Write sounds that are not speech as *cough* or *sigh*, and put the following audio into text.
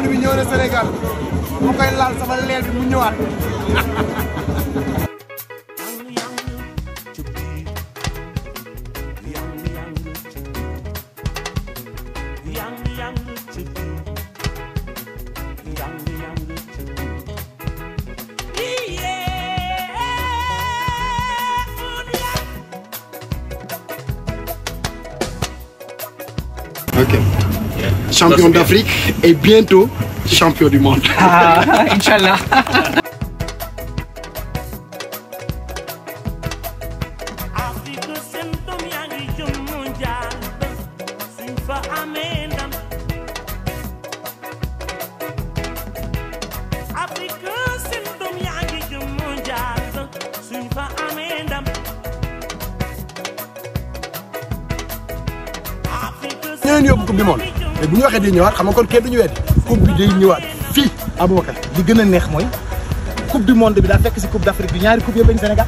drone bi ñëw na Sénégal mu koy laal sama leer bi mu ñëwaat Okay. champion d'Afrique et bientôt champion du monde. Ah, *laughs* Inch'Allah. ñoo ñëw du monde mais bu ñu ñëwaat xam nga kon que du ñu wedd coupe bi ñëwaat coupe du monde bi la coupe d'Afrique coupe Sénégal